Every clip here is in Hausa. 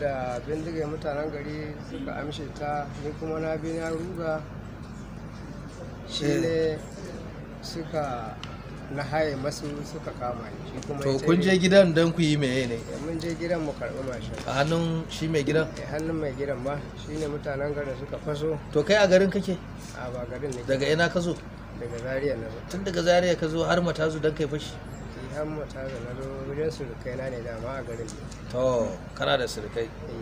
da bindigar mutanen gari suka amshe ta ni kuma na bi na ruga shi ne suka na haye masu suka kama ni shi kuma to kun je gidan dan ku yi meye ne eh, mun je gidan mu karɓi mashin a hannun shi mai gidan a eh, hannun mai gidan ba shi ne mutanen garin suka faso to kai a garin kake a ba garin ne daga ina ka zo daga zariya na zo tun daga Zariya ka zo har matazu don kai fashi yan mota zanen wajen surukai na ne dama a garin to kana da surukai eh.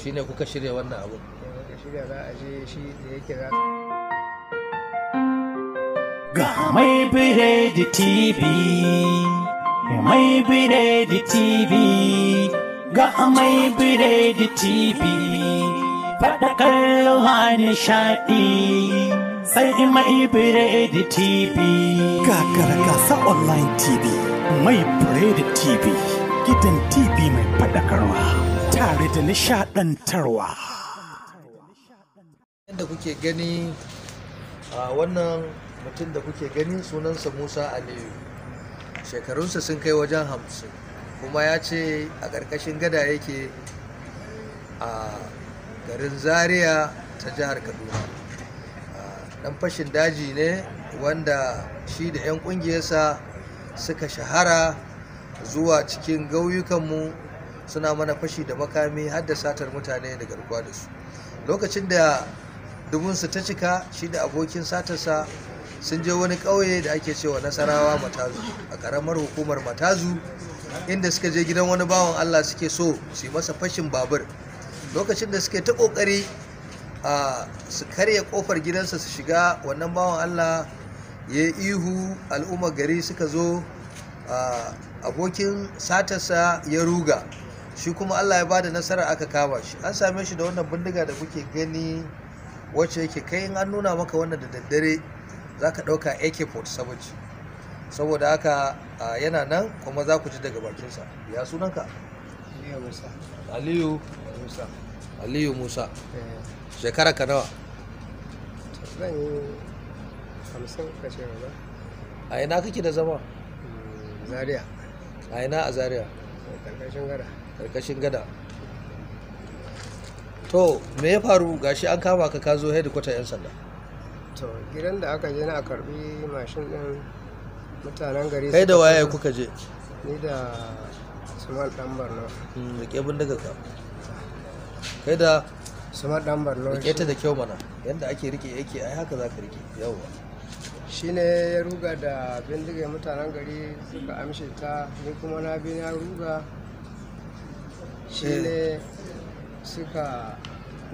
shine kuka shirya wannan abu kuka eh, shirya za a je shi da yake za ga mai biredi tv mai biredi tv ga mai biredi tv faɗa kallo nishaɗi sai in mai da TV. Kakar gasa online TV, mai biredi TV, gidan TV mai faɗakarwa, tare da nishaɗantarwa. Yadda kuke gani wannan mutum da kuke gani sunansa Musa Aliyu. Shekarunsa sun kai wajen hamsin, kuma ya ce a ƙarƙashin gada yake a garin Zaria ta jihar Kaduna. dan fashin daji ne wanda shi da 'yan kungiyarsa suka shahara zuwa cikin gauyukanmu suna mana fashi da makami har da satar mutane da garkuwa da su lokacin da dubunsu ta cika shi da abokin satarsa sun je wani ƙauye da ake cewa nasarawa matazu a ƙaramar hukumar matazu inda suka je gidan wani bawan allah suke so su yi masa fashin babur lokacin da suke ta ƙoƙari su karya kofar gidansa su shiga wannan bawan allah ya yi ihu al'umma gari suka zo abokin satarsa ya ruga shi kuma allah ya bada nasara aka kama shi an same shi da wannan bindiga da kuke gani wacce yake kai in an nuna maka wannan da daddare za ka ɗauka ak-47 saboda haka yana nan kuma za ku ji daga bakinsa ya sunanka aliyu aliyu musa aliyu musa eh. shekara ka nawa zan yi hamsin kashe ba a ina kake da zama hmm, zaria a ina a zaria karkashin gada karkashin gada to me ya faru gashi an kama ka ka zo headquarter yan sanda to gidan da aka je na karbi mashin din mutanen gari kai da waye kuka je ni da suman dan barno da hmm, ke bindiga ka kai da suma dan barno rike ta da kyau mana yadda ake rike yake ai haka za ka rike yawwa shine ya ruga da bindiga mutanen gari suka amshe ta ni kuma na bi na ruga shine eh. suka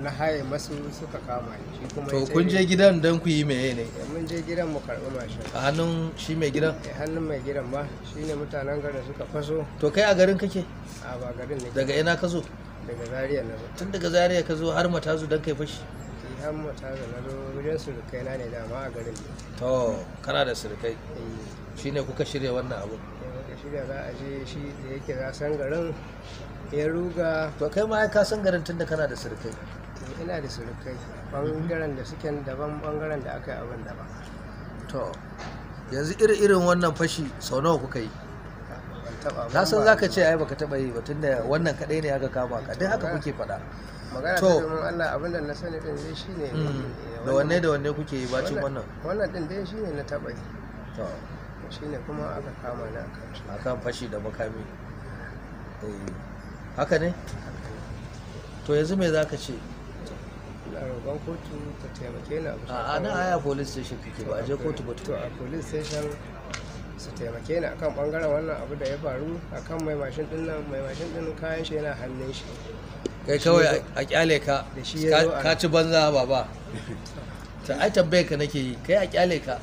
na haye masu suka kama shi kuma to kun je gidan don ku yi meye ne eh, mun je gidan mu karɓi mashi a hannun shi mai gidan a eh, hannun mai gidan ba shine mutanen garin suka faso to kai a garin kake a ba garin ne daga ina ka zo daga zaria na zo tun daga zaria ka zo har matazu don kai fashi eh, har matazu na zo wajen surukai na ne dama a garin to kana da surukai eh. shine kuka shirya wannan abu kuka eh, shirya za a je shi da yake za san garin ya ruga to kai ma ka san garin tun da kana da surukai ina da surukai bangaren da suke daban bangaren da aka yi abin daban to yanzu iri-irin wannan fashi sau nawa kuka yi taba na san zaka ce ai baka taba yi ba tunda wannan kadai ne aka kama ka dai haka kuke faɗa magana ta domin Allah abin da na sani din dai shine mm. da wanne da wanne kuke yi bacin wannan wannan din dai shine na taba yi to shine kuma aka kama na akan akan fashi da makami eh, haka ne to yanzu me zaka ce a roƙon kotu ta taimake ni a na aya police station kike ba a je kotu ba to a police station su taimake ni akan bangaren wannan abu da ya faru akan mai mashin din nan mai mashin din kayan shi yana hannun shi kai kawai a kyale ka ka ci banza baba ta ai tabbai ka nake yi kai a kyale ka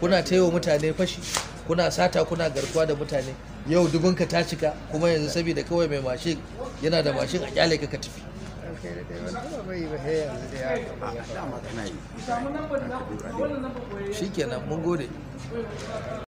kuna taiwa mutane fashi kuna sata kuna garkuwa da mutane yau dubin ka ta cika kuma yanzu saboda kawai mai mashin yana da mashin a kyale ka ka tafi shi kenan mun gode